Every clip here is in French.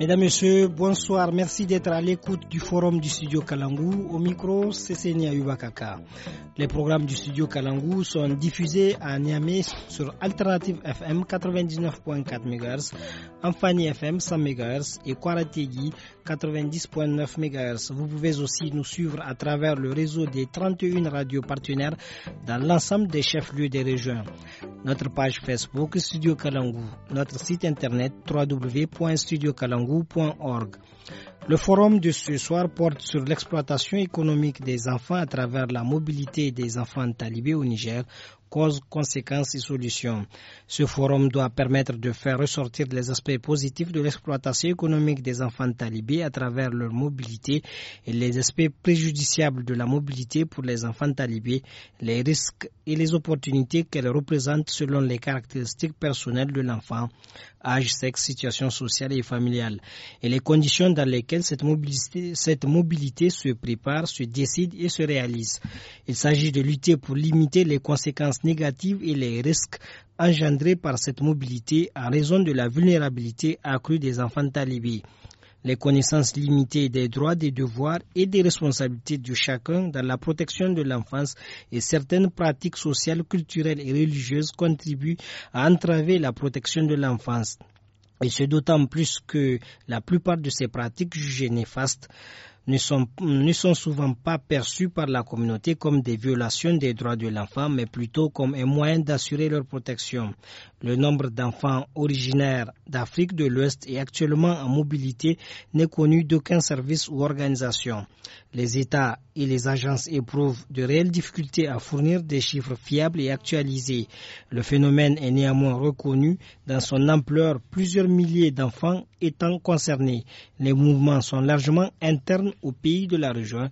Mesdames, Messieurs, bonsoir. Merci d'être à l'écoute du forum du studio Kalangou. Au micro, Senia Yubakaka. Les programmes du studio Kalangou sont diffusés à Niamey sur Alternative FM 99.4 MHz, Amphani FM 100 MHz et Kwarategi 90.9 MHz. Vous pouvez aussi nous suivre à travers le réseau des 31 radios partenaires dans l'ensemble des chefs-lieux des régions. Notre page Facebook Studio Kalangu, notre site internet www.studiokalangu.org. Le forum de ce soir porte sur l'exploitation économique des enfants à travers la mobilité des enfants talibés au Niger causes, conséquences et solutions. Ce forum doit permettre de faire ressortir les aspects positifs de l'exploitation économique des enfants talibés à travers leur mobilité et les aspects préjudiciables de la mobilité pour les enfants talibés, les risques et les opportunités qu'elle représente selon les caractéristiques personnelles de l'enfant, âge, sexe, situation sociale et familiale, et les conditions dans lesquelles cette mobilité, cette mobilité se prépare, se décide et se réalise. Il s'agit de lutter pour limiter les conséquences négatives et les risques engendrés par cette mobilité en raison de la vulnérabilité accrue des enfants talibés les connaissances limitées des droits, des devoirs et des responsabilités de chacun dans la protection de l'enfance et certaines pratiques sociales, culturelles et religieuses contribuent à entraver la protection de l'enfance. Et ce d'autant plus que la plupart de ces pratiques jugées néfastes ne sont, ne sont souvent pas perçus par la communauté comme des violations des droits de l'enfant, mais plutôt comme un moyen d'assurer leur protection. Le nombre d'enfants originaires d'Afrique de l'Ouest et actuellement en mobilité n'est connu d'aucun service ou organisation. Les États et les agences éprouvent de réelles difficultés à fournir des chiffres fiables et actualisés. Le phénomène est néanmoins reconnu dans son ampleur. Plusieurs milliers d'enfants étant concernés. Les mouvements sont largement internes aux pays de la région,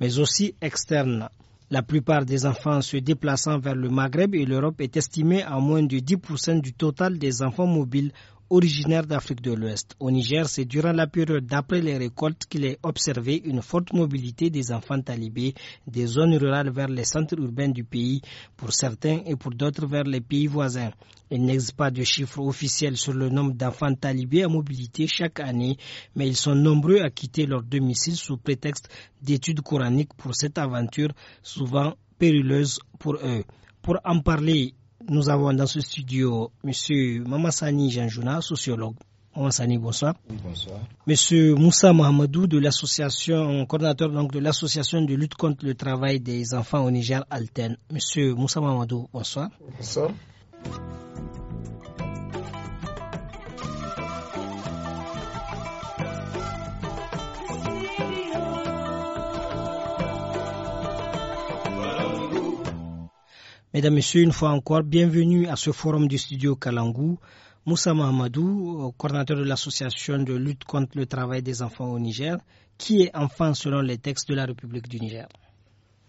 mais aussi externes. La plupart des enfants se déplaçant vers le Maghreb et l'Europe est estimée à moins de 10% du total des enfants mobiles originaire d'Afrique de l'Ouest. Au Niger, c'est durant la période d'après les récoltes qu'il est observé une forte mobilité des enfants talibés des zones rurales vers les centres urbains du pays, pour certains et pour d'autres vers les pays voisins. Il n'existe pas de chiffre officiel sur le nombre d'enfants talibés à mobilité chaque année, mais ils sont nombreux à quitter leur domicile sous prétexte d'études coraniques pour cette aventure souvent périlleuse pour eux. Pour en parler nous avons dans ce studio M. Mamassani Janjouna, sociologue. Mamassani, bonsoir. Oui, bonsoir. M. Moussa Mamadou de l'association, coordinateur donc de l'association de lutte contre le travail des enfants au Niger Alten. M. Moussa Mahamadou, bonsoir. Bonsoir. Mesdames, Messieurs, une fois encore, bienvenue à ce forum du studio Kalangou. Moussa Mahamadou, euh, coordinateur de l'association de lutte contre le travail des enfants au Niger, qui est enfant selon les textes de la République du Niger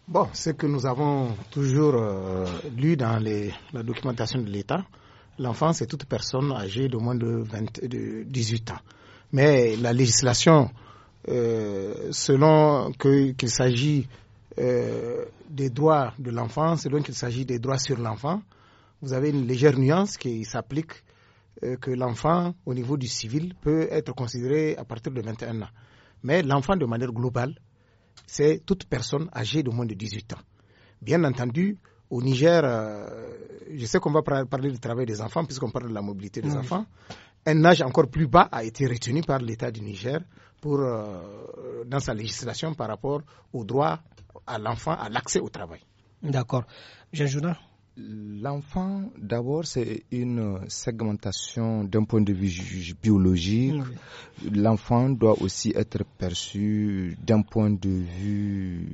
Bon, ce que nous avons toujours euh, lu dans la documentation de l'État, l'enfant c'est toute personne âgée de moins de, 18 ans. Mais la législation, euh, selon qu'il s'agit euh, des droits de l'enfant, c'est qu'il s'agit des droits sur l'enfant. Vous avez une légère nuance qui s'applique euh, que l'enfant, au niveau du civil, peut être considéré à partir de 21 ans. Mais l'enfant, de manière globale, c'est toute personne âgée de moins de 18 ans. Bien entendu, au Niger, euh, je sais qu'on va parler du travail des enfants, puisqu'on parle de la mobilité des enfants, un âge encore plus bas a été retenu par l'État du Niger pour, euh, dans sa législation par rapport au droit à l'enfant à l'accès au travail. D'accord. Jean L'enfant, d'abord, c'est une segmentation d'un point de vue biologique. L'enfant doit aussi être perçu d'un point de vue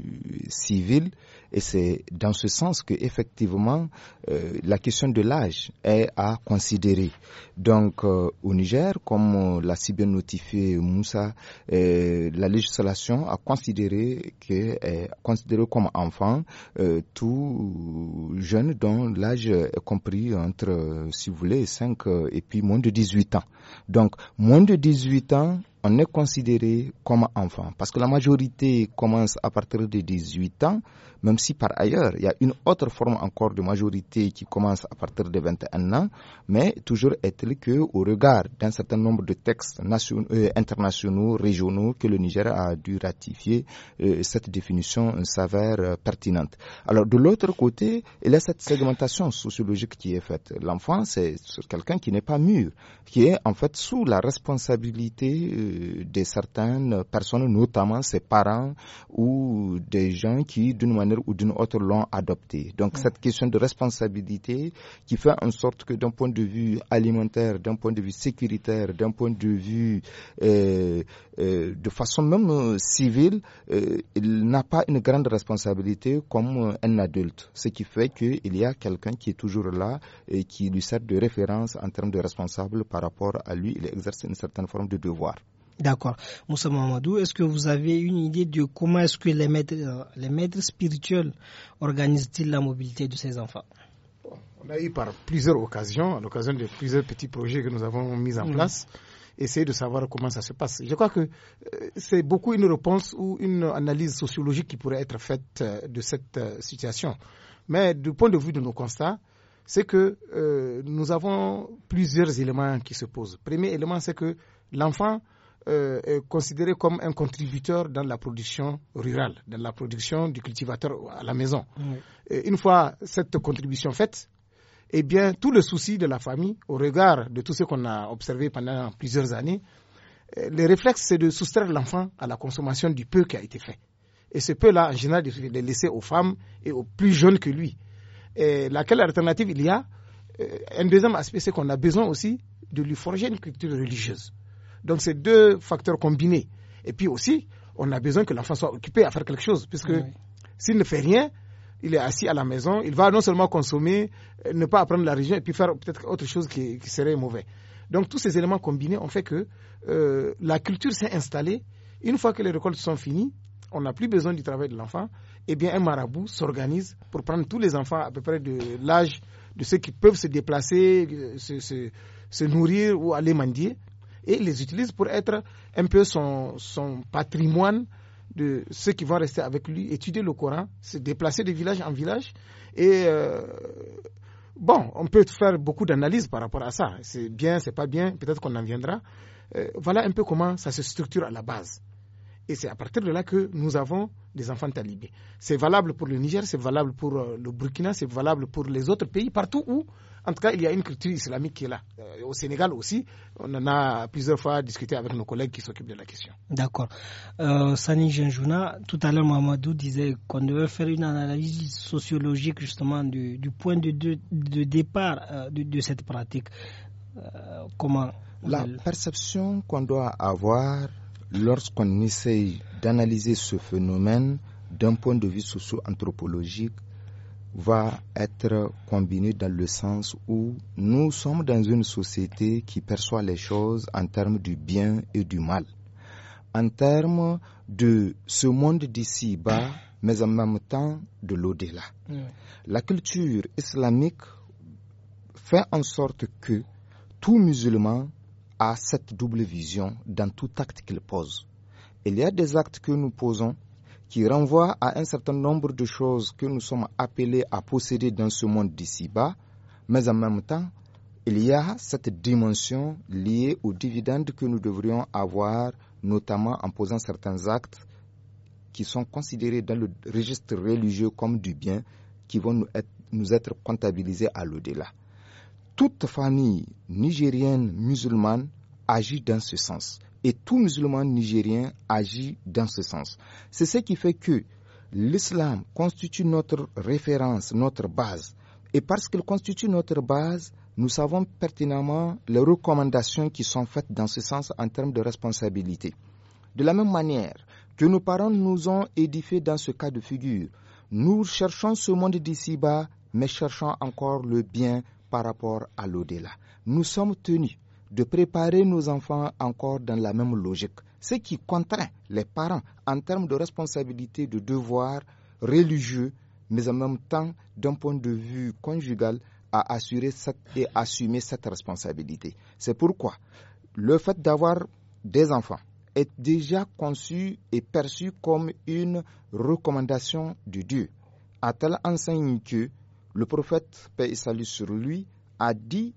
civil. Et c'est dans ce sens que, effectivement, euh, la question de l'âge est à considérer. Donc, euh, au Niger, comme euh, l'a si bien notifié Moussa, la législation a considéré que, est considéré comme enfant tout jeune dont l'âge est compris entre, euh, si vous voulez, 5 euh, et puis moins de 18 ans. Donc, moins de 18 ans, on est considéré comme enfant. Parce que la majorité commence à partir de 18 ans, même si par ailleurs, il y a une autre forme encore de majorité qui commence à partir de 21 ans. Mais toujours est-il au regard d'un certain nombre de textes nationaux, euh, internationaux, régionaux que le Niger a dû ratifier, euh, cette définition s'avère euh, pertinente. Alors de l'autre côté, il y a cette segmentation sociologique qui est faite. L'enfant, c'est quelqu'un qui n'est pas mûr, qui est en fait sous la responsabilité de certaines personnes, notamment ses parents ou des gens qui, d'une manière ou d'une autre, l'ont adopté. Donc cette question de responsabilité qui fait en sorte que d'un point de vue alimentaire, d'un point de vue sécuritaire, d'un point de vue euh, euh, de façon même civile, euh, il n'a pas une grande responsabilité comme un adulte. Ce qui fait qu'il y a quelqu'un qui est toujours là et qui lui sert de référence en termes de responsable par rapport à lui. Il exerce une certaine forme de devoir. D'accord. Moussa Mamadou, est-ce que vous avez une idée de comment est-ce que les maîtres, euh, spirituels organisent-ils la mobilité de ces enfants On a eu par plusieurs occasions, à l'occasion de plusieurs petits projets que nous avons mis en place, essayer de savoir comment ça se passe. Je crois que euh, c'est beaucoup une réponse ou une analyse sociologique qui pourrait être faite euh, de cette situation. Mais du point de vue de nos constats, c'est que nous avons plusieurs éléments qui se posent. Premier élément, c'est que l'enfant euh, est considéré comme un contributeur dans la production rurale, dans la production du cultivateur à la maison. une fois cette contribution faite, eh bien, tout le souci de la famille, au regard de tout ce qu'on a observé pendant plusieurs années, euh, le réflexe, c'est de soustraire l'enfant à la consommation du peu qui a été fait. Et ce peu-là, en général, il est laissé aux femmes et aux plus jeunes que lui. laquelle alternative il y a euh, Un deuxième aspect, c'est qu'on a besoin aussi de lui forger une culture religieuse. Donc c'est deux facteurs combinés. Et puis aussi, on a besoin que l'enfant soit occupé à faire quelque chose, puisque s'il ne fait rien, il est assis à la maison, il va non seulement consommer, euh, ne pas apprendre la région, et puis faire peut-être autre chose qui, serait mauvais. Donc tous ces éléments combinés ont fait que euh, la culture s'est installée. Une fois que les récoltes sont finies, on n'a plus besoin du travail de l'enfant. et eh bien, un marabout s'organise pour prendre tous les enfants à peu près de l'âge de ceux qui peuvent se déplacer, euh, se, se nourrir ou aller mendier et il les utilise pour être un peu son, patrimoine de ceux qui vont rester avec lui, étudier le Coran, se déplacer de village en village. Et euh, bon, on peut faire beaucoup d'analyses par rapport à ça. C'est bien, c'est pas bien, peut-être qu'on en viendra. Euh, voilà un peu comment ça se structure à la base. Et c'est à partir de là que nous avons des enfants talibés. C'est valable pour le Niger, c'est valable pour euh, le Burkina, c'est valable pour les autres pays, partout où en tout cas, il y a une culture islamique qui est là. Euh, au Sénégal aussi, on en a plusieurs fois discuté avec nos collègues qui s'occupent de la question. D'accord. Euh, Sani Genjouna, tout à l'heure, Mamadou disait qu'on devait faire une analyse sociologique justement du, point de, de, départ euh, de, cette pratique. comment La perception qu'on doit avoir lorsqu'on essaye d'analyser ce phénomène d'un point de vue socio-anthropologique va être combiné dans le sens où nous sommes dans une société qui perçoit les choses en termes du bien et du mal, en termes de ce monde d'ici bas, mais en même temps de l'au-delà. La culture islamique fait en sorte que tout musulman a cette double vision dans tout acte qu'il pose. Il y a des actes que nous posons qui renvoie à un certain nombre de choses que nous sommes appelés à posséder dans ce monde d'ici-bas, mais en même temps, il y a cette dimension liée aux dividendes que nous devrions avoir, notamment en posant certains actes qui sont considérés dans le registre religieux comme du bien, qui vont nous être, nous être comptabilisés à l'au-delà. Toute famille nigérienne musulmane agit dans ce sens et tout musulman nigérien agit dans ce sens. C'est ce qui fait que l'islam constitue notre référence, notre base. Et parce qu'il constitue notre base, nous savons pertinemment les recommandations qui sont faites dans ce sens en termes de responsabilité. De la même manière que nos parents nous ont édifiés dans ce cas de figure, nous cherchons ce monde d'ici-bas, mais cherchons encore le bien par rapport à l'au-delà. Nous sommes tenus de préparer nos enfants encore dans la même logique, ce qui contraint les parents en termes de responsabilité, de devoir religieux, mais en même temps, d'un point de vue conjugal, à assurer cette, et assumer cette responsabilité. C'est pourquoi le fait d'avoir des enfants est déjà conçu et perçu comme une recommandation de Dieu, A telle enseigne que le prophète, paix et salut sur lui, a dit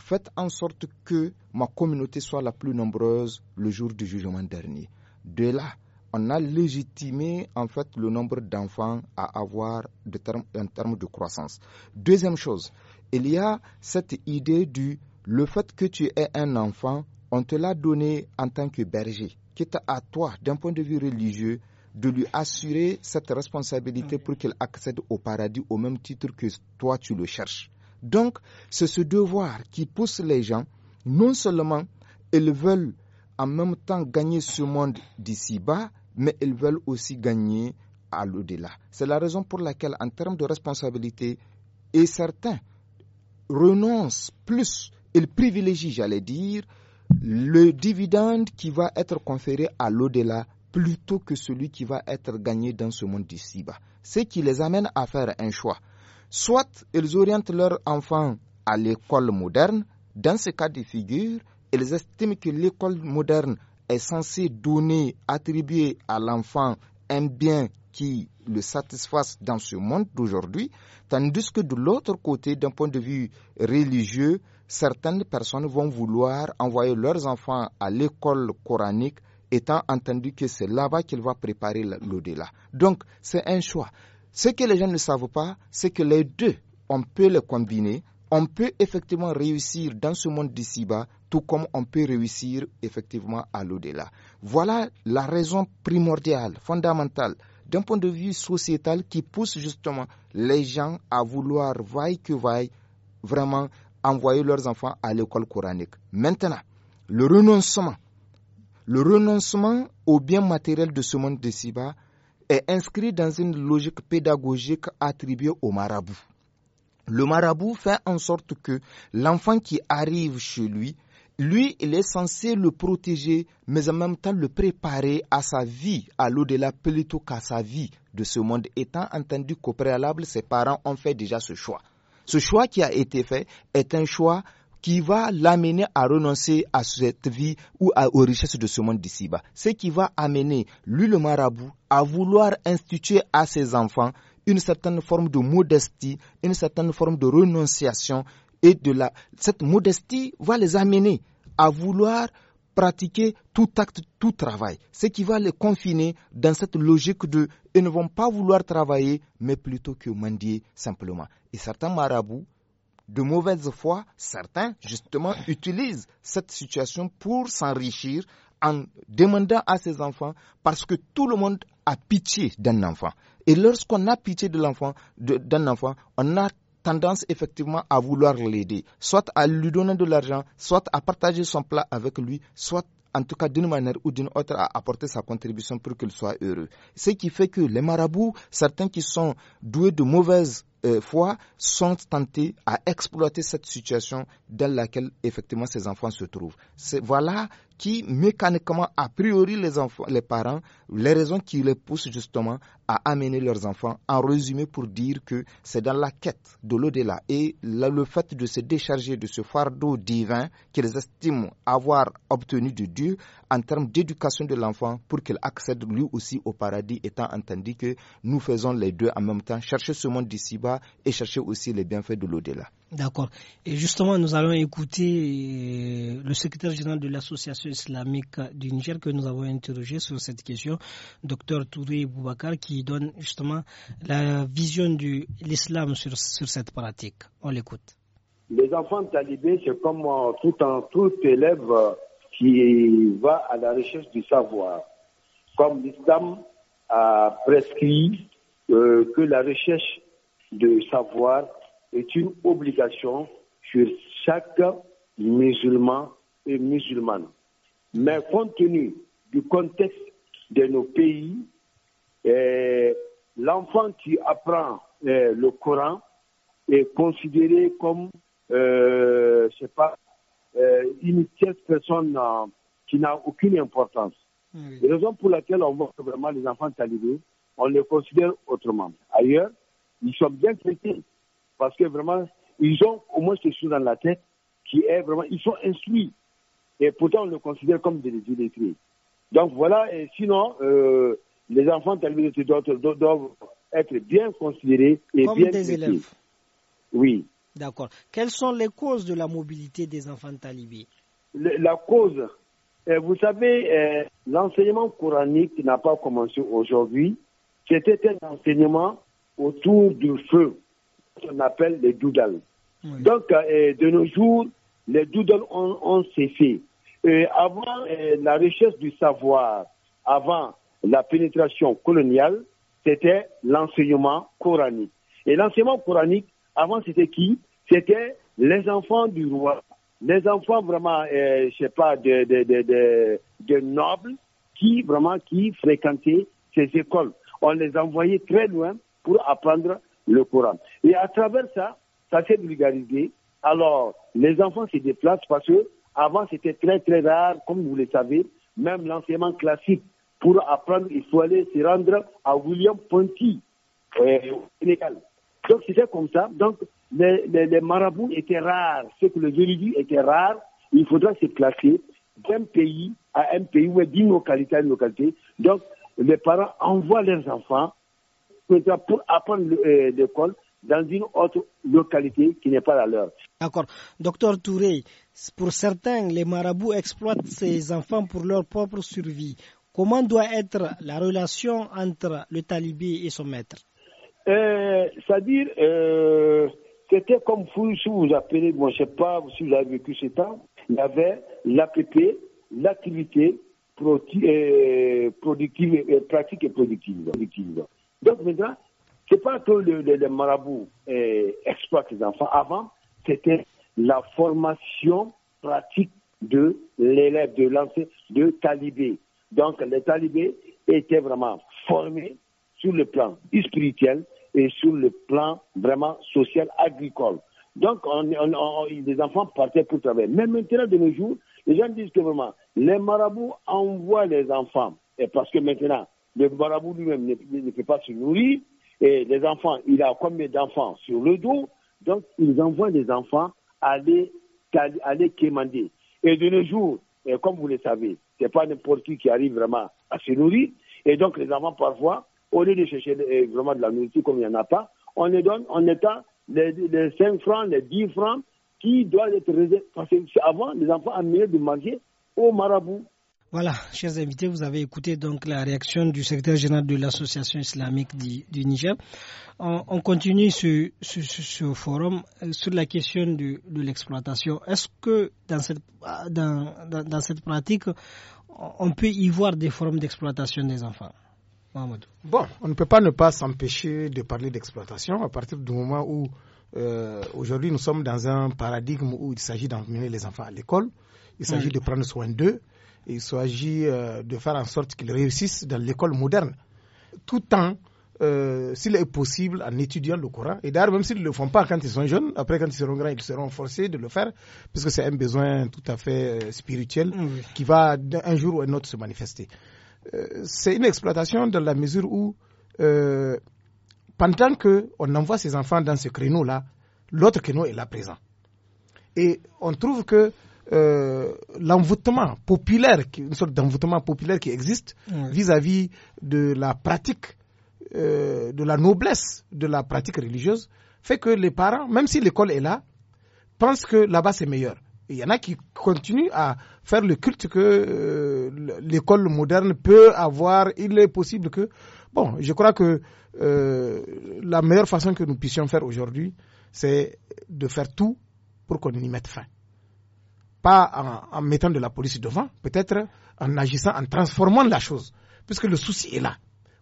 faites en sorte que ma communauté soit la plus nombreuse le jour du jugement dernier. De là, on a légitimé en fait le nombre d'enfants à avoir de termes un de croissance. Deuxième chose, il y a cette idée du le fait que tu aies un enfant, on te l'a donné en tant que berger, qui est à toi d'un point de vue religieux de lui assurer cette responsabilité pour qu'il accède au paradis au même titre que toi tu le cherches. Donc, c'est ce devoir qui pousse les gens, non seulement ils veulent en même temps gagner ce monde d'ici bas, mais ils veulent aussi gagner à l'au-delà. C'est la raison pour laquelle, en termes de responsabilité, et certains renoncent plus, ils privilégient, j'allais dire, le dividende qui va être conféré à l'au-delà plutôt que celui qui va être gagné dans ce monde d'ici-bas. Ce qui les amène à faire un choix. Soit ils orientent leurs enfants à l'école moderne. Dans ce cas de figure, ils estiment que l'école moderne est censée donner, attribuer à l'enfant un bien qui le satisfasse dans ce monde d'aujourd'hui, tandis que de l'autre côté, d'un point de vue religieux, certaines personnes vont vouloir envoyer leurs enfants à l'école coranique, étant entendu que c'est là-bas qu'il va préparer l'au-delà. Donc, c'est un choix. Ce que les gens ne savent pas, c'est que les deux, on peut les combiner, on peut effectivement réussir dans ce monde d'ici-bas, tout comme on peut réussir effectivement à l'au-delà. Voilà la raison primordiale, fondamentale, d'un point de vue sociétal qui pousse justement les gens à vouloir, vaille que vaille, vraiment envoyer leurs enfants à l'école coranique. Maintenant, le renoncement, le renoncement aux biens matériel de ce monde d'ici-bas, est inscrit dans une logique pédagogique attribuée au marabout. Le marabout fait en sorte que l'enfant qui arrive chez lui, lui, il est censé le protéger, mais en même temps le préparer à sa vie, à l'au-delà plutôt qu'à sa vie de ce monde, étant entendu qu'au préalable, ses parents ont fait déjà ce choix. Ce choix qui a été fait est un choix qui va l'amener à renoncer à cette vie ou à, aux richesses de ce monde d'ici-bas. Ce qui va amener lui, le marabout, à vouloir instituer à ses enfants une certaine forme de modestie, une certaine forme de renonciation et de la, cette modestie va les amener à vouloir pratiquer tout acte, tout travail, ce qui va les confiner dans cette logique de ils ne vont pas vouloir travailler, mais plutôt que mendier simplement. Et certains marabouts de mauvaise foi, certains, justement, utilisent cette situation pour s'enrichir en demandant à ses enfants, parce que tout le monde a pitié d'un enfant. Et lorsqu'on a pitié de l'enfant, d'un enfant, on a tendance effectivement à vouloir l'aider, soit à lui donner de l'argent, soit à partager son plat avec lui, soit en tout cas d'une manière ou d'une autre à apporter sa contribution pour qu'il soit heureux. Ce qui fait que les marabouts, certains qui sont doués de mauvaises euh, fois sont tentés à exploiter cette situation dans laquelle effectivement ces enfants se trouvent. voilà qui mécaniquement, a priori les, enfants, les parents, les raisons qui les poussent justement à amener leurs enfants, en résumé pour dire que c'est dans la quête de l'au-delà et le fait de se décharger de ce fardeau divin qu'ils estiment avoir obtenu de Dieu en termes d'éducation de l'enfant pour qu'il accède lui aussi au paradis, étant entendu que nous faisons les deux en même temps, chercher ce monde d'ici-bas et chercher aussi les bienfaits de l'au-delà. D'accord. Et justement, nous allons écouter euh, le secrétaire général de l'Association islamique du Niger que nous avons interrogé sur cette question, docteur Touré Boubacar, qui donne justement la vision de l'islam sur, cette pratique. On l'écoute. Les enfants talibés, c'est comme euh, tout, tout élève euh, qui va à la recherche du savoir. Comme l'islam a prescrit que la recherche de savoir est une obligation sur chaque musulman et musulmane. Mais compte tenu du contexte de nos pays, eh, l'enfant qui apprend eh, le Coran est considéré comme, euh, je sais pas, euh, une tierce personne euh, qui n'a aucune importance. La ah raison pour laquelle on voit vraiment les enfants talibés, on les considère autrement. Ailleurs, ils sont bien traités parce que vraiment, ils ont au moins ce chose dans la tête qui est vraiment, ils sont instruits. Et pourtant, on le considère comme des illettrés. Donc voilà, et sinon, euh, les enfants terminés doivent, doivent être bien considérés et comme bien des élèves. Oui. D'accord. Quelles sont les causes de la mobilité des enfants talibés La cause, euh, vous savez, euh, l'enseignement coranique n'a pas commencé aujourd'hui. C'était un enseignement autour du feu qu'on appelle les doudal. Donc, euh, de nos jours, les doodles ont, cessé. avant euh, la richesse du savoir, avant la pénétration coloniale, c'était l'enseignement coranique. Et l'enseignement coranique, avant, c'était qui C'était les enfants du roi, les enfants vraiment, euh, je sais pas, de, de, de, de, nobles qui vraiment qui fréquentaient ces écoles. On les envoyait très loin pour apprendre le Coran. Et à travers ça, ça s'est vulgarisé. Alors, les enfants se déplacent parce que avant c'était très très rare, comme vous le savez, même l'enseignement classique. Pour apprendre, il faut aller se rendre à William Ponty, euh, au Sénégal. Donc c'était comme ça. Donc les, marabouts étaient rares, ce que le érudits était rare. Il faudra se placer d'un pays à un pays ou d'une localité à une localité. Donc les parents envoient leurs enfants pour apprendre euh, l'école dans une autre localité qui n'est pas la leur. D'accord. Docteur Touré, pour certains, les marabouts exploitent ces enfants pour leur propre survie. Comment doit être la relation entre le talibé et son maître euh, C'est-à-dire, euh, c'était comme vous, vous appelez, je ne sais pas si vous avez vécu ce temps, il y avait l'APP, l'activité productive pratique et productive. Donc maintenant, ce n'est pas que les marabouts euh, exploitent les enfants. Avant, c'était la formation pratique de l'élève, de l'ancien, de talibé. Donc les talibés étaient vraiment formés sur le plan spirituel et sur le plan vraiment social, agricole. Donc on, les enfants partaient pour travailler. Mais maintenant, de nos jours, les gens disent que vraiment, les marabouts envoient les enfants. Et parce que maintenant, le marabout lui-même ne, peut pas se nourrir. Et les enfants, il a combien d'enfants sur le dos Donc, ils envoient les enfants aller, aller quémander. Et de nos jours, comme vous le savez, ce n'est pas n'importe qui qui arrive vraiment à se nourrir. Et donc, les enfants, parfois, au lieu de chercher euh, vraiment de la nourriture comme il n'y en a pas, on les donne en étant les, 5 francs, les 10 francs qui doivent être réservés. Parce que avant, les enfants amenaient de manger au marabout. Voilà, chers invités, vous avez écouté donc la réaction du secrétaire général de l'Association islamique du, Niger. On, continue ce, ce, forum euh, sur la question de, l'exploitation. Est-ce que dans cette, euh, pratique, on peut y voir des formes d'exploitation des enfants Bon, on ne peut pas ne pas s'empêcher de parler d'exploitation à partir du moment où euh, aujourd'hui nous sommes dans un paradigme où il s'agit d'emmener les enfants à l'école, il s'agit de prendre soin d'eux, il s'agit euh, de faire en sorte qu'ils réussissent dans l'école moderne, tout en, euh, s'il est possible, en étudiant le Coran. Et d'ailleurs, même s'ils ne le font pas quand ils sont jeunes, après quand ils seront grands, ils seront forcés de le faire, parce que c'est un besoin tout à fait euh, spirituel ah qui va un jour ou un autre se manifester. c'est une exploitation dans la mesure où, pendant qu'on envoie ses enfants dans ce créneau-là, l'autre créneau est là présent. Et on trouve que euh, l'envoûtement populaire, une sorte d'envoûtement populaire qui existe vis-à-vis de la pratique, euh, de la noblesse de la pratique religieuse, fait que les parents, même si l'école est là, pensent que là-bas c'est meilleur. Il y en a qui continuent à faire le culte que euh, l'école moderne peut avoir. Il est possible que... Bon, je crois que euh, la meilleure façon que nous puissions faire aujourd'hui, c'est de faire tout pour qu'on y mette fin pas en, mettant de la police devant, peut-être en agissant, en transformant la chose, puisque le souci est là.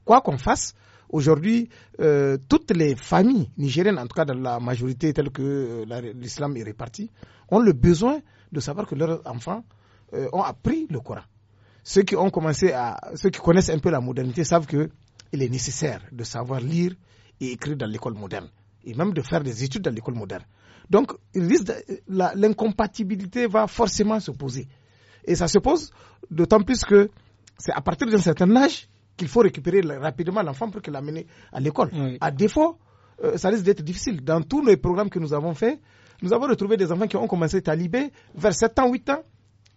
Quoi qu'on fasse, aujourd'hui, euh, toutes les familles nigériennes, en tout cas dans la majorité telle que euh, l'islam est réparti, ont le besoin de savoir que leurs enfants euh, ont appris le Coran. Ceux qui ont commencé à, ceux qui connaissent un peu la modernité savent que il est nécessaire de savoir lire et écrire dans l'école moderne, et même de faire des études dans l'école moderne. Donc, l'incompatibilité va forcément se poser. Et ça se pose d'autant plus que c'est à partir d'un certain âge qu'il faut récupérer rapidement l'enfant pour qu'il l'amène à l'école. À défaut, euh, ça risque d'être difficile. Dans tous les programmes que nous avons faits, nous avons retrouvé des enfants qui ont commencé à talibé vers 7 ans, 8 ans,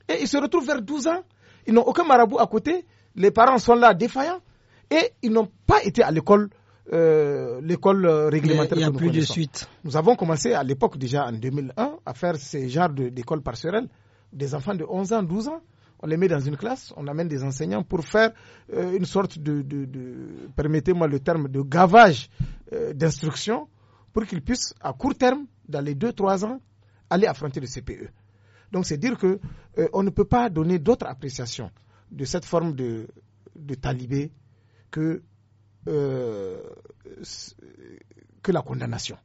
et ils se retrouvent vers 12 ans. Ils n'ont aucun marabout à côté, les parents sont là défaillants, et ils n'ont pas été à l'école euh, l'école réglementaire. Il plus de suite. Nous avons commencé à l'époque déjà en 2001 à faire ces genres d'école de, parcelles, des enfants de 11 ans, 12 ans. On les met dans une classe, on amène des enseignants pour faire euh, une sorte de, permettez-moi le terme, de gavage euh, d'instruction pour qu'ils puissent, à court terme, dans les 2-3 ans, aller affronter le CPE. Donc c'est dire que on ne peut pas donner d'autre appréciation de cette forme de, de talibé que euh, que la condamnation.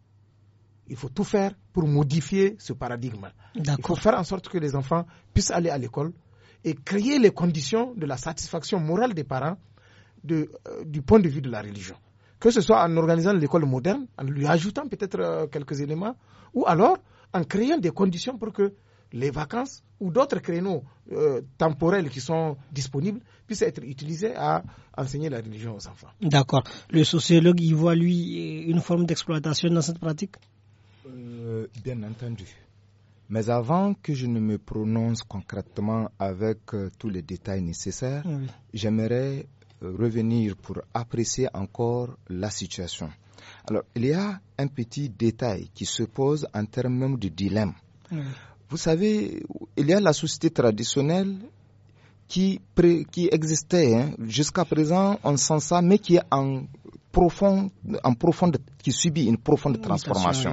Il faut tout faire pour modifier ce paradigme. Il faut faire en sorte que les enfants puissent aller à l'école et créer les conditions de la satisfaction morale des parents de, euh, du point de vue de la religion. Que ce soit en organisant l'école moderne, en lui ajoutant peut-être euh, quelques éléments, ou alors en créant des conditions pour que les vacances ou d'autres créneaux euh, temporels qui sont disponibles puissent être utilisés à enseigner la religion aux enfants. D'accord. Le sociologue y voit, lui, une forme d'exploitation dans cette pratique euh, Bien entendu. Mais avant que je ne me prononce concrètement avec euh, tous les détails nécessaires, ah j'aimerais revenir pour apprécier encore la situation. Alors, il y a un petit détail qui se pose en termes même de dilemme. Ah vous savez, il y a la société traditionnelle qui, qui existait hein. jusqu'à présent, on sent ça, mais qui est en profonde, en profonde, qui subit une profonde transformation.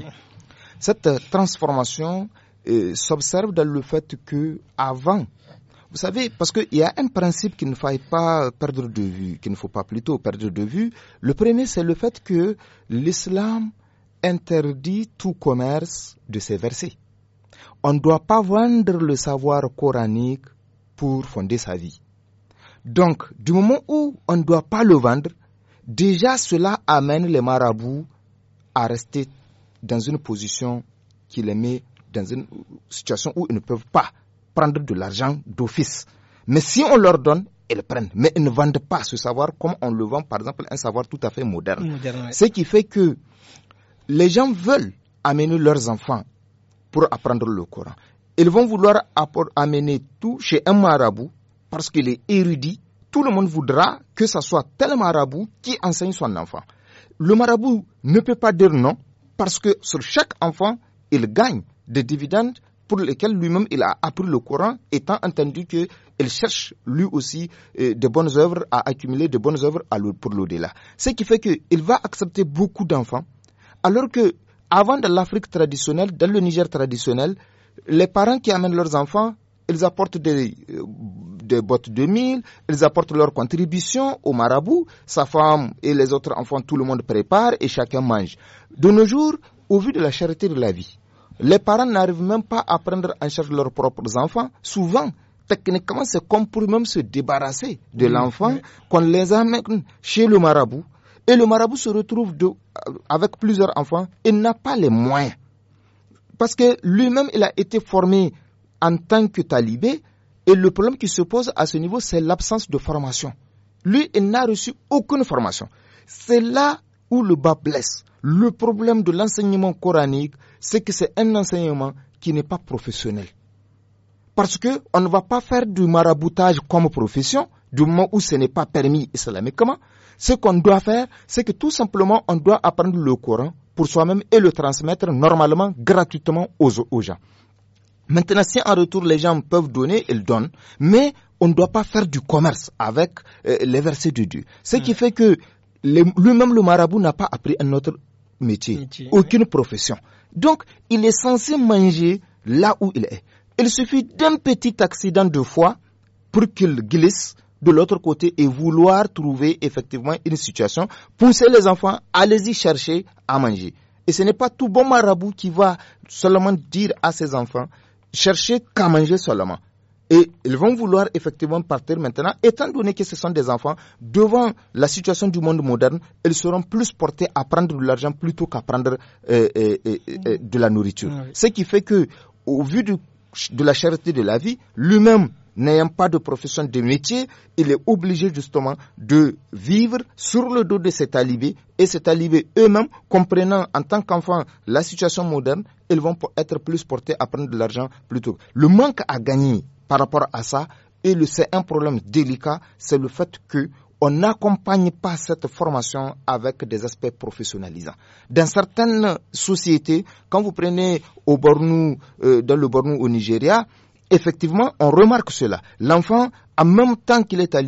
Cette transformation euh, s'observe dans le fait que avant, vous savez, parce qu'il y a un principe qu'il ne faille pas perdre de vue, qu'il ne faut pas plutôt perdre de vue. Le premier, c'est le fait que l'islam interdit tout commerce de ses versets on ne doit pas vendre le savoir coranique pour fonder sa vie. Donc, du moment où on ne doit pas le vendre, déjà cela amène les marabouts à rester dans une position qui les met dans une situation où ils ne peuvent pas prendre de l'argent d'office. Mais si on leur donne, ils prennent. Mais ils ne vendent pas ce savoir comme on le vend, par exemple, un savoir tout à fait moderne. Ce qui fait que les gens veulent amener leurs enfants pour apprendre le Coran. Ils vont vouloir amener tout chez un marabout parce qu'il est érudit. Tout le monde voudra que ce soit tel marabout qui enseigne son enfant. Le marabout ne peut pas dire non parce que sur chaque enfant, il gagne des dividendes pour lesquels lui-même il a appris le Coran, étant entendu qu'il cherche lui aussi euh, de bonnes œuvres, à accumuler de bonnes œuvres pour l'au-delà. Ce qui fait qu'il va accepter beaucoup d'enfants, alors que avant dans l'Afrique traditionnelle, dans le Niger traditionnel, les parents qui amènent leurs enfants, ils apportent des, euh, des bottes de mille, ils apportent leur contribution au marabout, sa femme et les autres enfants, tout le monde prépare et chacun mange. De nos jours, au vu de la charité de la vie, les parents n'arrivent même pas à prendre en charge leurs propres enfants. Souvent, techniquement, c'est comme pour même se débarrasser de mmh. l'enfant mmh. qu'on les amène chez le marabout et le marabout se retrouve euh, avec plusieurs enfants et n'a pas les moyens. Parce que lui-même, il a été formé en tant que talibé. Et le problème qui se pose à ce niveau, c'est l'absence de formation. Lui, il n'a reçu aucune formation. C'est là où le bas blesse. Le problème de l'enseignement coranique, c'est que c'est un enseignement qui n'est pas professionnel. Parce qu'on ne va pas faire du maraboutage comme profession, du moment où ce n'est pas permis islamiquement, ce qu'on doit faire, c'est que tout simplement, on doit apprendre le Coran pour soi-même et le transmettre normalement, gratuitement aux, gens. Maintenant, si en retour les gens peuvent donner, ils donnent, mais on ne doit pas faire du commerce avec euh, les versets de Dieu. Ce qui hmm. fait que lui-même, le marabout, n'a pas appris un autre métier, aucune profession. Donc, il est censé manger là où il est. Il suffit d'un petit accident de foi pour qu'il glisse de l'autre côté et vouloir trouver effectivement une situation, pousser les enfants, allez-y chercher à manger. Et ce n'est pas tout bon marabout qui va seulement dire à ses enfants, cherchez qu'à manger seulement. Et ils vont vouloir effectivement partir maintenant, étant donné que ce sont des enfants, devant la situation du monde moderne, ils seront plus portés à prendre de l'argent plutôt qu'à prendre euh, euh, euh, de la nourriture. Ce qui fait que, au vu de la charité de la vie, lui-même n'ayant pas de profession de métier, il est obligé justement de vivre sur le dos de cet talibés et ces talibés eux-mêmes, comprenant en tant qu'enfants la situation moderne, ils vont être plus portés à prendre de l'argent plutôt. Le manque à gagner par rapport à ça, et c'est un problème délicat, c'est le fait que on n'accompagne pas cette formation avec des aspects professionnalisants. Dans certaines sociétés, quand vous prenez au Bornou, euh, dans le Bornou au Nigeria, effectivement, on remarque cela. L'enfant, en même temps qu'il est à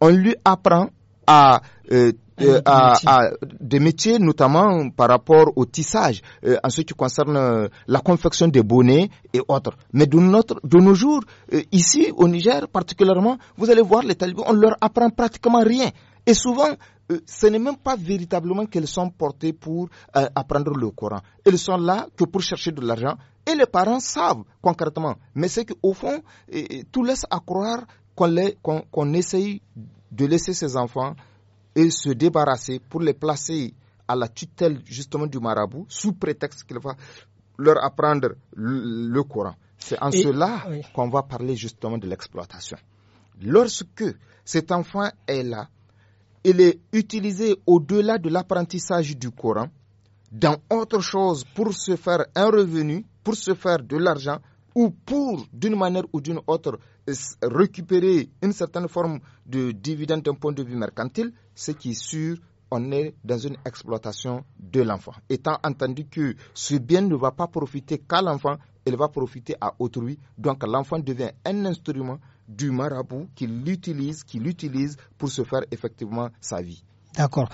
on lui apprend à euh, euh, à, à, des métiers, notamment par rapport au tissage, euh, en ce qui concerne la confection des bonnets et autres. Mais de, notre, de nos jours, ici au Niger particulièrement, vous allez voir les talibans, on leur apprend pratiquement rien. Et souvent, ce n'est même pas véritablement qu'elles sont portées pour apprendre le Coran. Elles sont là que pour chercher de l'argent, et les parents savent concrètement. Mais c'est qu'au fond, tout laisse à croire qu'on qu'on essaye de laisser ses enfants et se débarrasser pour les placer à la tutelle justement du marabout sous prétexte qu'il va leur apprendre le, Coran. C'est en cela qu'on va parler justement de l'exploitation. Lorsque cet enfant est là, il est utilisé au-delà de l'apprentissage du Coran dans autre chose pour se faire un revenu, pour se faire de l'argent ou pour, d'une manière ou d'une autre, récupérer une certaine forme de dividende d'un point de vue mercantile, ce qui est sûr, on est dans une exploitation de l'enfant. Étant entendu que ce bien ne va pas profiter qu'à l'enfant, il va profiter à autrui. Donc l'enfant devient un instrument du marabout qui l'utilise, qui l'utilise pour se faire effectivement sa vie. D'accord.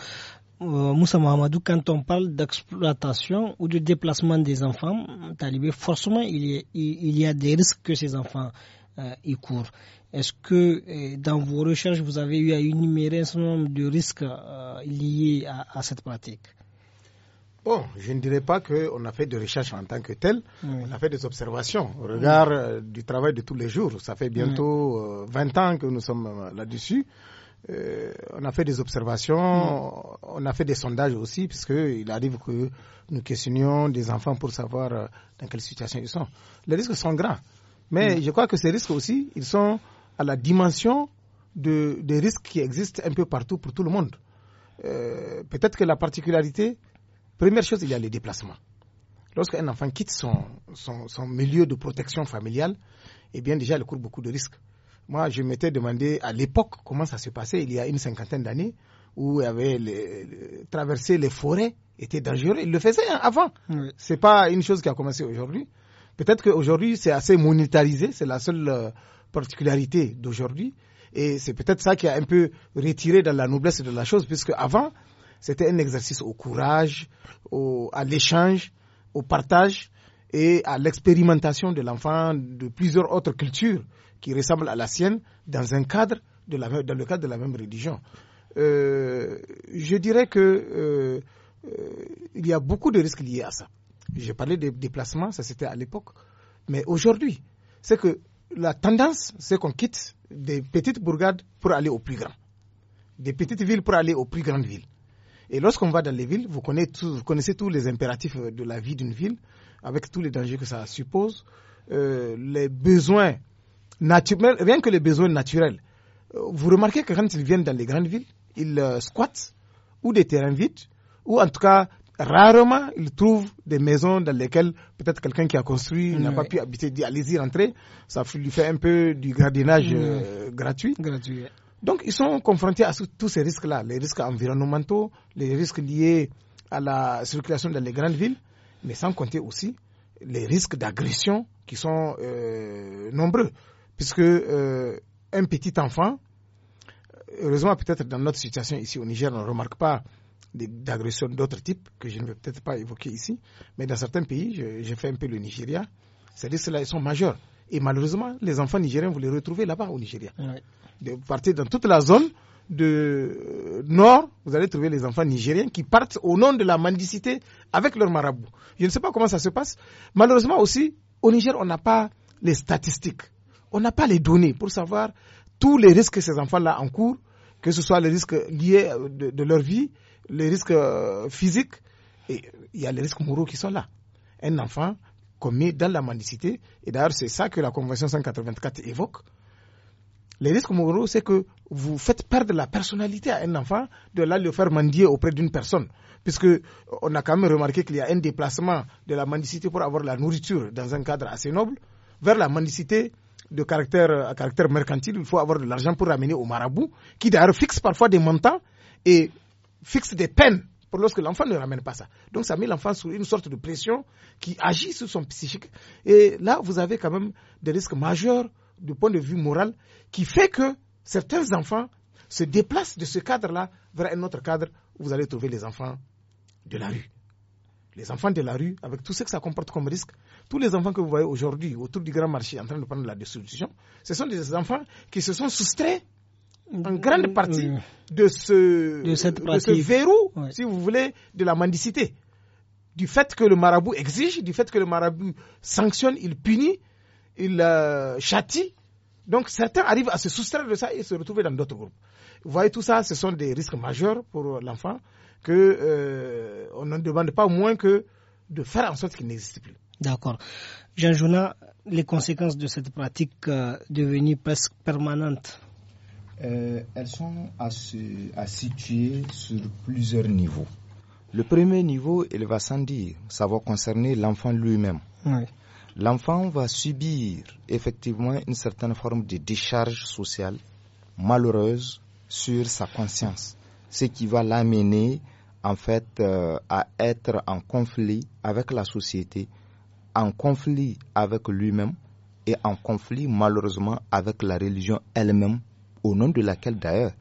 Euh, Moussa Mohamadou, quand on parle d'exploitation ou de déplacement des enfants talibés, forcément, il y, a, des risques que ces enfants euh, y courent. Est-ce que euh, dans vos recherches, vous avez eu à énumérer un certain nombre de risques liés à, cette pratique Bon, je ne dirais pas qu'on a fait de recherches en tant que tel. on a fait des observations au regard du travail de tous les jours. Ça fait mm. bientôt 20 ans que nous sommes là-dessus. Euh, on a fait des observations, mm. on a fait des sondages aussi, puisqu'il arrive que nous questionnions des enfants pour savoir euh, dans quelle situation ils sont. Les risques sont grands. Mais mm. je crois que ces risques aussi, ils sont à la dimension de, des risques qui existent un peu partout pour tout le monde. Euh, peut-être que la particularité, première chose, il y a les déplacements. Lorsqu'un enfant quitte son milieu de protection familiale, eh bien déjà, il court beaucoup de risques. Moi, je m'étais demandé à l'époque comment ça se passait, il y a une cinquantaine d'années, où il y avait les, traverser les forêts était dangereux. Il le faisait hein, avant. C'est pas une chose qui a commencé aujourd'hui. Peut-être qu'aujourd'hui, c'est assez monétarisé. C'est la seule euh, particularité d'aujourd'hui. Et c'est peut-être ça qui a un peu retiré dans la noblesse de la chose, puisque avant, c'était un exercice au courage, au, à l'échange, au partage et à l'expérimentation de l'enfant de plusieurs autres cultures qui ressemble à la sienne dans un cadre de la dans le cadre de la même religion. Euh, je dirais que euh, euh, il y a beaucoup de risques liés à ça. J'ai parlé des déplacements, ça c'était à l'époque, mais aujourd'hui, c'est que la tendance, c'est qu'on quitte des petites bourgades pour aller aux plus grands, des petites villes pour aller aux plus grandes villes. Et lorsqu'on va dans les villes, vous vous connaissez tous les impératifs de la vie d'une ville, avec tous les dangers que ça suppose, les besoins naturel, rien que les besoins naturels. Euh, vous remarquez que quand ils viennent dans les grandes villes, ils euh, squattent ou des terrains vides, ou en tout cas, rarement, ils trouvent des maisons dans lesquelles peut-être quelqu'un qui a construit n'a pas pu habiter, dit allez-y rentrer, ça lui fait un peu du gardiennage euh, gratuit. gratuit. Donc ils sont confrontés à tous ces risques-là, les risques environnementaux, les risques liés à la circulation dans les grandes villes, mais sans compter aussi les risques d'agression qui sont nombreux puisque euh, un petit enfant, heureusement peut-être dans notre situation ici au Niger, on ne remarque pas d'agressions d'autres types que je ne vais peut-être pas évoquer ici, mais dans certains pays, je fais un peu le Nigeria, c'est-à-dire ceux-là, ils sont majeurs. Et malheureusement, les enfants nigériens, vous les retrouvez là-bas au Nigeria. De, vous partez dans toute la zone de euh, nord, vous allez trouver les enfants nigériens qui partent au nom de la mendicité avec leur marabout. Je ne sais pas comment ça se passe. Malheureusement aussi, au Niger, on n'a pas les statistiques on n'a pas les données pour savoir tous les risques que ces enfants-là encourent, que ce soit les risques liés euh, de, leur vie, les risques euh, physiques, et il y a les risques moraux qui sont là. Un enfant commis dans la mendicité, et d'ailleurs c'est ça que la Convention 184 évoque, les risques moraux, c'est que vous faites perdre la personnalité à un enfant de là le faire mendier auprès d'une personne. Puisque euh, on a quand même remarqué qu'il y a un déplacement de la mendicité pour avoir la nourriture dans un cadre assez noble vers la mendicité de caractère, à euh, caractère mercantile, il faut avoir de l'argent pour ramener au marabout, qui d'ailleurs fixe parfois des montants et fixe des peines pour lorsque l'enfant ne ramène pas ça. Donc ça met l'enfant sous une sorte de pression qui agit sur son psychique. Et là, vous avez quand même des risques majeurs du point de vue moral qui fait que certains enfants se déplacent de ce cadre-là vers un autre cadre où vous allez trouver les enfants de la rue les enfants de la rue, avec tout ce que ça comporte comme risque, tous les enfants que vous voyez aujourd'hui autour du grand marché en train de prendre la destruction, ce sont des enfants qui se sont soustraits en grande partie de ce, cette verrou, si vous voulez, de la mendicité. Du fait que le marabout exige, du fait que le marabout sanctionne, il punit, il euh, châtie. Donc certains arrivent à se soustraire de ça et se retrouver dans d'autres groupes. Vous voyez tout ça, ce sont des risques majeurs pour l'enfant que euh, on ne demande pas moins que de faire en sorte qu'il n'existe plus. D'accord. Jean Jouna, les conséquences de cette pratique euh, devenue presque permanente euh, Elles sont à, se, à situer sur plusieurs niveaux. Le premier niveau, il va sans dire, ça va concerner l'enfant lui-même. L'enfant va subir effectivement une certaine forme de décharge sociale malheureuse sur sa conscience ce qui va l'amener en fait euh, à être en conflit avec la société, en conflit avec lui-même et en conflit malheureusement avec la religion elle-même, au nom de laquelle d'ailleurs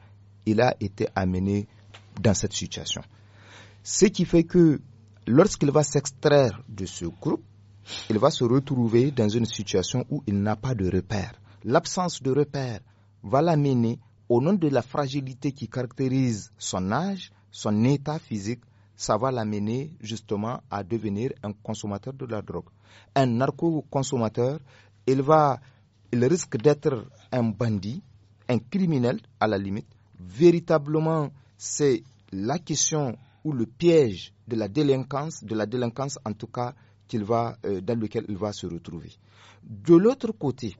il a été amené dans cette situation. Ce qui fait que lorsqu'il va s'extraire de ce groupe, il va se retrouver dans une situation où il n'a pas de repère. L'absence de repère va l'amener au nom de la fragilité qui caractérise son âge, son état physique, ça va l'amener justement à devenir un consommateur de la drogue. Un narco-consommateur, il, va, il risque d'être un bandit, un criminel à la limite. Véritablement, c'est la question ou le piège de la délinquance, de la délinquance en tout cas qu'il va, euh, dans lequel il va se retrouver. De l'autre côté,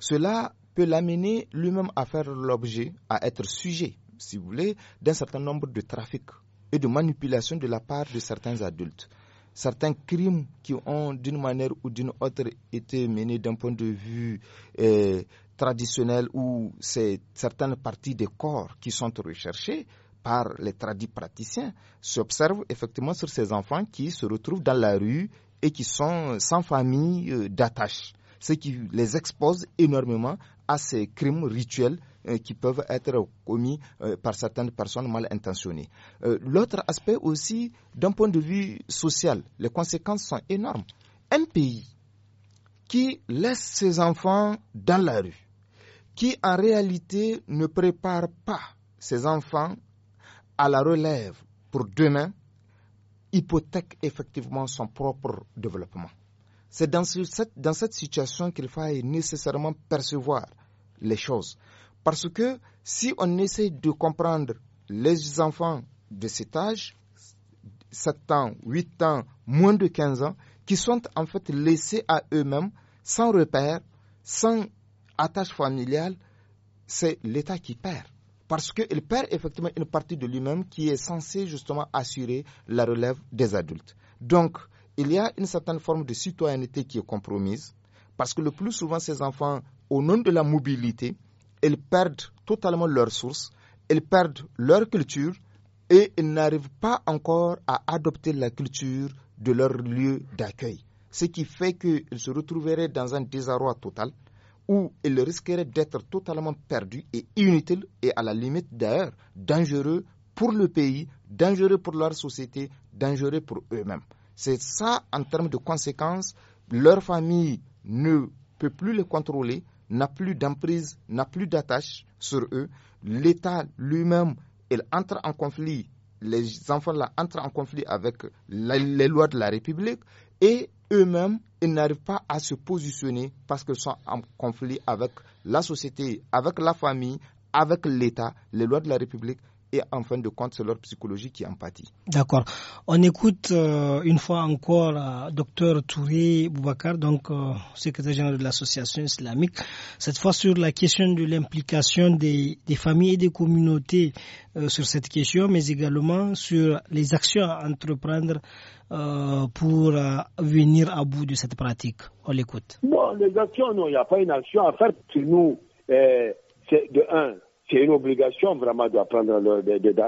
cela peut l'amener lui-même à faire l'objet, à être sujet, si vous voulez, d'un certain nombre de trafics et de manipulations de la part de certains adultes. Certains crimes qui ont d'une manière ou d'une autre été menés d'un point de vue euh, traditionnel où c'est certaines parties des corps qui sont recherchées par les tradis praticiens s'observent effectivement sur ces enfants qui se retrouvent dans la rue et qui sont sans famille euh, d'attache ce qui les expose énormément à ces crimes rituels euh, qui peuvent être commis euh, par certaines personnes mal intentionnées. Euh, l'autre aspect aussi, d'un point de vue social, les conséquences sont énormes. Un pays qui laisse ses enfants dans la rue, qui en réalité ne prépare pas ses enfants à la relève pour demain, hypothèque effectivement son propre développement. C'est dans, dans, cette situation qu'il faille nécessairement percevoir les choses. Parce que si on essaie de comprendre les enfants de cet âge, 7 ans, 8 ans, moins de 15 ans, qui sont en fait laissés à eux-mêmes, sans repère, sans attache familiale, c'est l'État qui perd. Parce qu'il perd effectivement une partie de lui-même qui est censée justement assurer la relève des adultes. Donc, il y a une certaine forme de citoyenneté qui est compromise, parce que le plus souvent, ces enfants, au nom de la mobilité, ils perdent totalement leurs sources, ils perdent leur culture, et ils n'arrivent pas encore à adopter la culture de leur lieu d'accueil. Ce qui fait qu'ils se retrouveraient dans un désarroi total où ils risqueraient d'être totalement perdus et inutiles et à la limite d'ailleurs dangereux pour le pays, dangereux pour leur société, dangereux pour eux-mêmes. C'est ça, en termes de conséquences, leur famille ne peut plus les contrôler, n'a plus d'emprise, n'a plus d'attache sur eux. L'État lui-même, il entre en conflit, les enfants-là entrent en conflit avec les lois de la République et eux-mêmes, ils n'arrivent pas à se positionner parce qu'ils sont en conflit avec la société, avec la famille, avec l'État, les lois de la République et en fin de compte, c'est leur psychologie qui empathie. D'accord. On écoute euh, une fois encore euh, Dr Touré Boubacar, donc euh, secrétaire général de l'association islamique, cette fois sur la question de l'implication des, familles et des communautés euh, sur cette question, mais également sur les actions à entreprendre pour venir à bout de cette pratique. On l'écoute. Bon, les actions, non, il n'y a pas une action à faire. Nous, c'est de un, c'est une obligation vraiment d'apprendre le,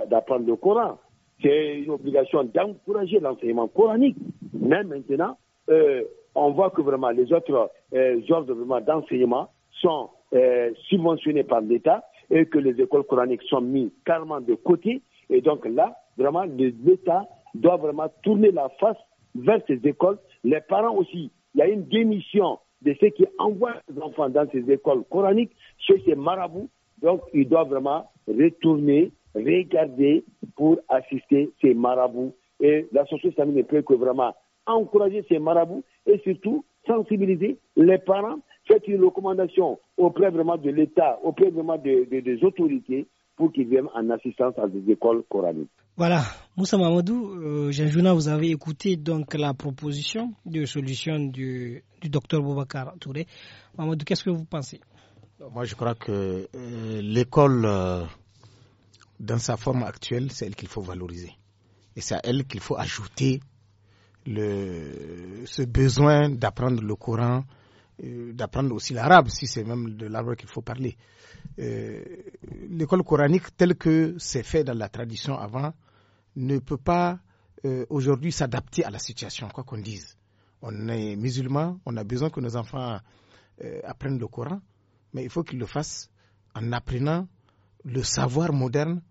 d'apprendre le Coran. C'est une obligation d'encourager l'enseignement coranique. Mais maintenant, euh, on voit que vraiment les autres euh, ordres vraiment d'enseignement sont euh, subventionnés par l'État et que les écoles coraniques sont mises carrément de côté. Et donc là, vraiment, l'État doit vraiment tourner la face vers ces écoles. Les parents aussi, il y a une démission de ceux qui envoient les enfants dans ces écoles coraniques, chez ces marabouts, donc, il doit vraiment retourner, regarder pour assister ces marabouts. Et la société ne peut que vraiment encourager ces marabouts et surtout sensibiliser les parents, faites une recommandation auprès vraiment de l'État, auprès vraiment des autorités pour qu'ils viennent en assistance à des écoles coraniques. Voilà, Moussa Mamadou, euh, vous avez écouté donc la proposition de solution du, docteur Boubacar Touré. Mamadou, qu'est-ce que vous pensez moi, je crois que euh, l'école, euh, dans sa forme actuelle, c'est elle qu'il faut valoriser. Et c'est à elle qu'il faut ajouter le, ce besoin d'apprendre le Coran, euh, d'apprendre aussi l'arabe, si c'est même de l'arabe qu'il faut parler. l'école coranique, telle que c'est fait dans la tradition avant, ne peut pas aujourd'hui s'adapter à la situation, quoi qu'on dise. On est musulman, on a besoin que nos enfants apprennent le Coran mais il faut qu'ils le fassent en apprenant le savoir moderne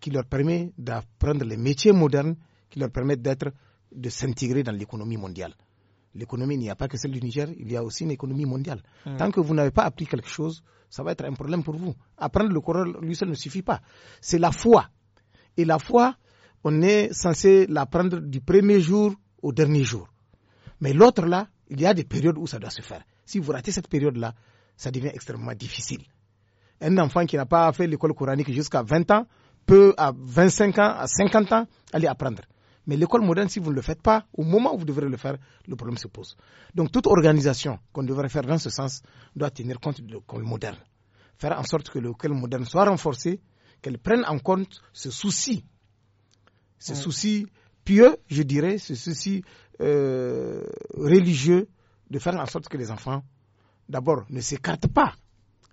qui leur permet d'apprendre les métiers modernes qui leur permettent d'être, de s'intégrer dans l'économie mondiale. L'économie, il n'y a pas que celle du Niger, il y a aussi une économie mondiale. Hmm. Tant que vous n'avez pas appris quelque chose, ça va être un problème pour vous. Apprendre le Coran, lui seul ne suffit pas. C'est la foi. Et la foi, on est censé l'apprendre du premier jour au dernier jour. Mais l'autre là, il y a des périodes où ça doit se faire. Si vous ratez cette période là, ça devient extrêmement difficile. Un enfant qui n'a pas fait l'école coranique jusqu'à 20 ans peut, à 25 ans, à 50 ans, aller apprendre. Mais l'école moderne, si vous ne le faites pas, au moment où vous devrez le faire, le problème se pose. Donc toute organisation qu'on devrait faire dans ce sens doit tenir compte de l'école moderne. Faire en sorte que l'école moderne soit renforcée, qu'elle prenne en compte ce souci. Ce souci pieux, je dirais, ce souci euh, religieux de faire en sorte que les enfants d'abord, ne s'écarte pas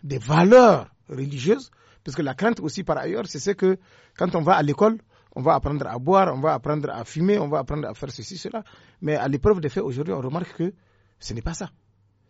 des valeurs religieuses, parce que la crainte aussi, par ailleurs, c'est que quand on va à l'école, on va apprendre à boire, on va apprendre à fumer, on va apprendre à faire ceci, cela. Mais à l'épreuve des faits, aujourd'hui, on remarque que ce n'est pas ça.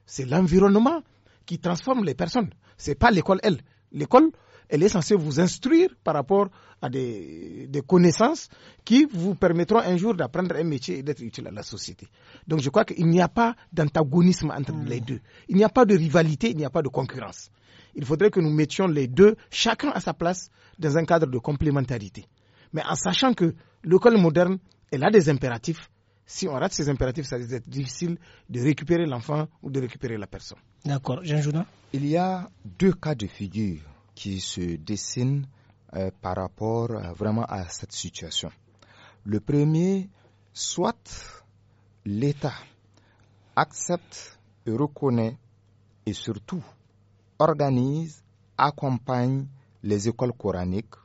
C'est l'environnement qui transforme les personnes. Ce n'est pas l'école, elle. L'école, elle est censée vous instruire par rapport à des, connaissances qui vous permettront un jour d'apprendre un métier et d'être utile à la société. Donc je crois qu'il n'y a pas d'antagonisme entre mm. les deux. Il n'y a pas de rivalité, il n'y a pas de concurrence. Il faudrait que nous mettions les deux, chacun à sa place, dans un cadre de complémentarité. Mais en sachant que l'école moderne, elle a des impératifs, si on rate ces impératifs, ça va être difficile de récupérer l'enfant ou de récupérer la personne. D'accord. Jean Il y a deux cas de figure qui se dessine euh, par rapport euh, vraiment à cette situation. Le premier, soit l'État accepte et reconnaît et surtout organise, accompagne les écoles coraniques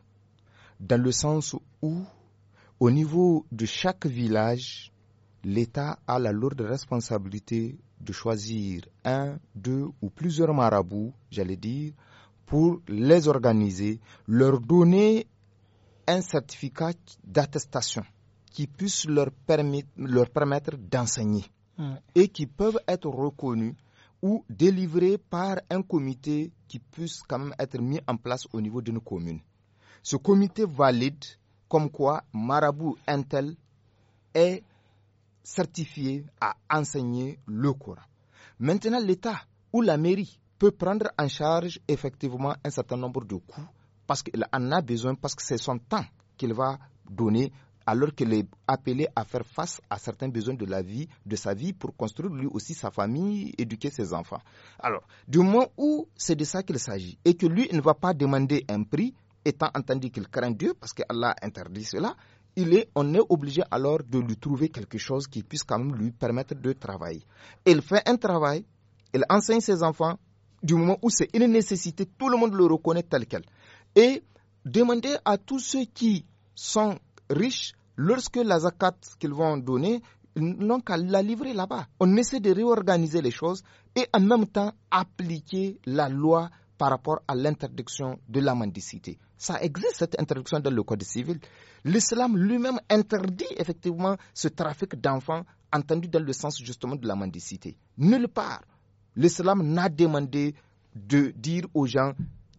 dans le sens où, au niveau de chaque village, l'État a la lourde responsabilité de choisir un, deux ou plusieurs marabouts, j'allais dire, pour les organiser, leur donner un certificat d'attestation qui puisse leur, permettre, leur permettre d'enseigner et qui peuvent être reconnus ou délivrés par un comité qui puisse quand même être mis en place au niveau d'une commune. Ce comité valide comme quoi Marabout Intel est certifié à enseigner le Coran. Maintenant, l'État ou la mairie peut prendre en charge effectivement un certain nombre de coûts parce qu'il en a besoin, parce que c'est son temps qu'il va donner alors qu'il est appelé à faire face à certains besoins de la vie, de sa vie, pour construire lui aussi sa famille, éduquer ses enfants. Alors, du moment où c'est de ça qu'il s'agit, et que lui ne va pas demander un prix, étant entendu qu'il craint Dieu, parce qu'Allah interdit cela, il est, on est obligé alors de lui trouver quelque chose qui puisse quand même lui permettre de travailler. Il fait un travail, il enseigne ses enfants, du moment où c'est une nécessité, tout le monde le reconnaît tel quel. Et demander à tous ceux qui sont riches, lorsque la zakat qu'ils vont donner, n'ont qu'à la livrer là-bas. On essaie de réorganiser les choses et en même temps appliquer la loi par rapport à l'interdiction de la mendicité. Ça existe, cette interdiction dans le Code civil. L'islam lui-même interdit effectivement ce trafic d'enfants entendu dans le sens justement de la mendicité. Nulle part l'islam n'a demandé de dire aux gens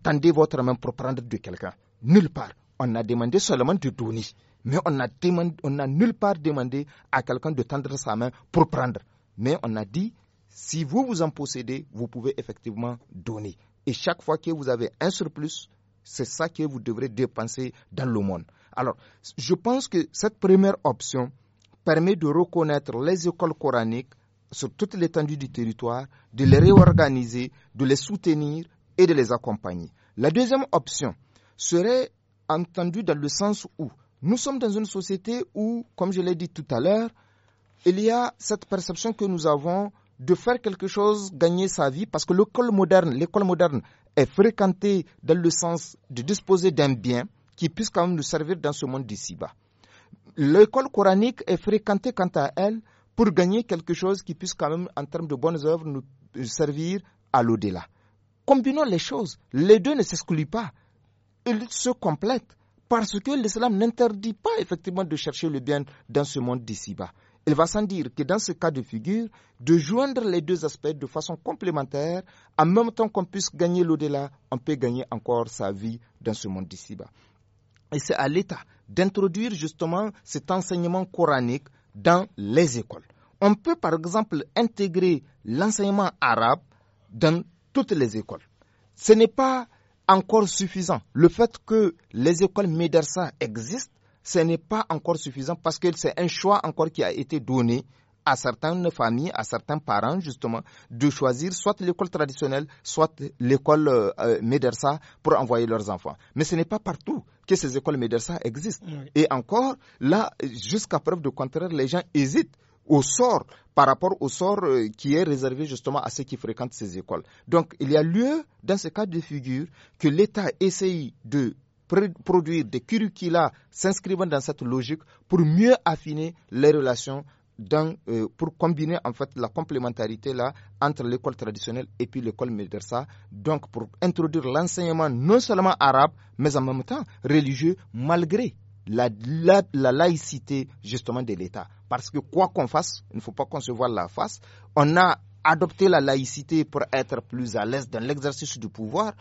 tendez votre main pour prendre de quelqu'un. Nulle part. On a demandé seulement de donner. Mais on n'a nulle part demandé à quelqu'un de tendre sa main pour prendre. Mais on a dit, si vous vous en possédez, vous pouvez effectivement donner. Et chaque fois que vous avez un surplus, c'est ça que vous devrez dépenser dans le monde. Alors, je pense que cette première option permet de reconnaître les écoles coraniques sur toute l'étendue du territoire, de les réorganiser, de les soutenir et de les accompagner. La deuxième option serait entendue dans le sens où nous sommes dans une société où, comme je l'ai dit tout à l'heure, il y a cette perception que nous avons de faire quelque chose, gagner sa vie, parce que l'école moderne, l'école moderne est fréquentée dans le sens de disposer d'un bien qui puisse quand même nous servir dans ce monde d'ici-bas. L'école coranique est fréquentée quant à elle pour gagner quelque chose qui puisse quand même, en termes de bonnes œuvres, nous euh, servir à l'au-delà. Combinons les choses. Les deux ne s'excluent pas. Ils se complètent parce que l'islam n'interdit pas effectivement de chercher le bien dans ce monde d'ici-bas. Il va sans dire que dans ce cas de figure, de joindre les deux aspects de façon complémentaire, en même temps qu'on puisse gagner l'au-delà, on peut gagner encore sa vie dans ce monde d'ici-bas. Et c'est à l'État d'introduire justement cet enseignement coranique dans les écoles. On peut par exemple intégrer l'enseignement arabe dans toutes les écoles. Ce n'est pas encore suffisant. Le fait que les écoles médersa existent, ce n'est pas encore suffisant parce que c'est un choix encore qui a été donné à certaines familles, à certains parents justement, de choisir soit l'école traditionnelle, soit l'école euh, MEDERSA pour envoyer leurs enfants. Mais ce n'est pas partout que ces écoles médersa existent. Et encore, là, jusqu'à preuve de contraire, les gens hésitent au sort par rapport au sort euh, qui est réservé justement à ceux qui fréquentent ces écoles. Donc il y a lieu, dans ce cas de figure, que l'État essaye de produire des curricula s'inscrivant dans cette logique pour mieux affiner les relations donc, euh, pour combiner en fait la complémentarité là entre l'école traditionnelle et puis l'école MEDERSA donc pour introduire l'enseignement non seulement arabe, mais en même temps religieux, malgré la, la laïcité justement de l'État. Parce que quoi qu'on fasse, il ne faut pas concevoir la face, on a adopté la laïcité pour être plus à l'aise dans l'exercice du pouvoir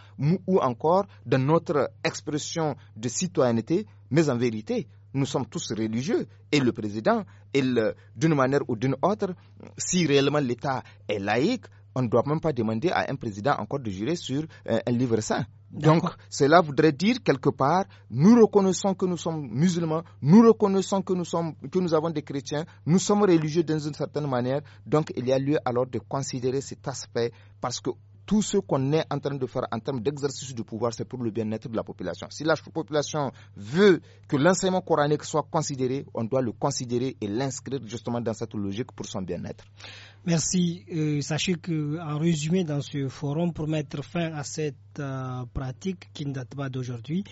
ou encore dans notre expression de citoyenneté, mais en vérité, nous sommes tous religieux, et le président, d'une manière ou d'une autre, si réellement l'État est laïque, on ne doit même pas demander à un président encore de jurer sur euh, un livre saint. Donc, cela voudrait dire quelque part, nous reconnaissons que nous sommes musulmans, nous reconnaissons que nous, sommes, que nous avons des chrétiens, nous sommes religieux d'une certaine manière, donc il y a lieu alors de considérer cet aspect parce que tout ce qu'on est en train de faire en termes d'exercice du pouvoir, c'est pour le bien-être de la population. Si la population veut que l'enseignement coranique soit considéré, on doit le considérer et l'inscrire justement dans cette logique pour son bien-être. Merci. Euh, sachez qu'en résumé, dans ce forum, pour mettre fin à cette euh, pratique qui ne date pas d'aujourd'hui,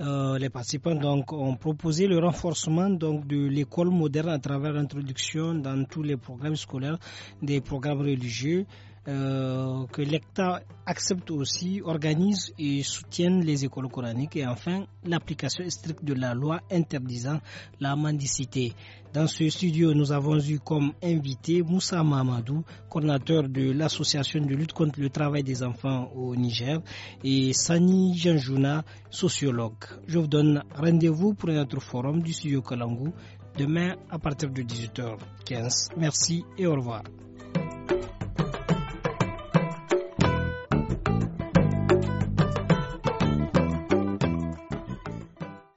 euh, les participants ont proposé le renforcement de l'école moderne à travers l'introduction dans tous les programmes scolaires des programmes religieux, euh, que l'ECTA accepte aussi, organise et soutienne les écoles coraniques et enfin l'application stricte de la loi interdisant la mendicité. Dans ce studio, nous avons eu comme invité Moussa Mamadou, coordinateur de l'association de lutte contre le travail des enfants au Niger, et Sani Janjouna, sociologue. Je vous donne rendez-vous pour notre forum du studio Kalangou demain à partir de 18h15. Merci et au revoir.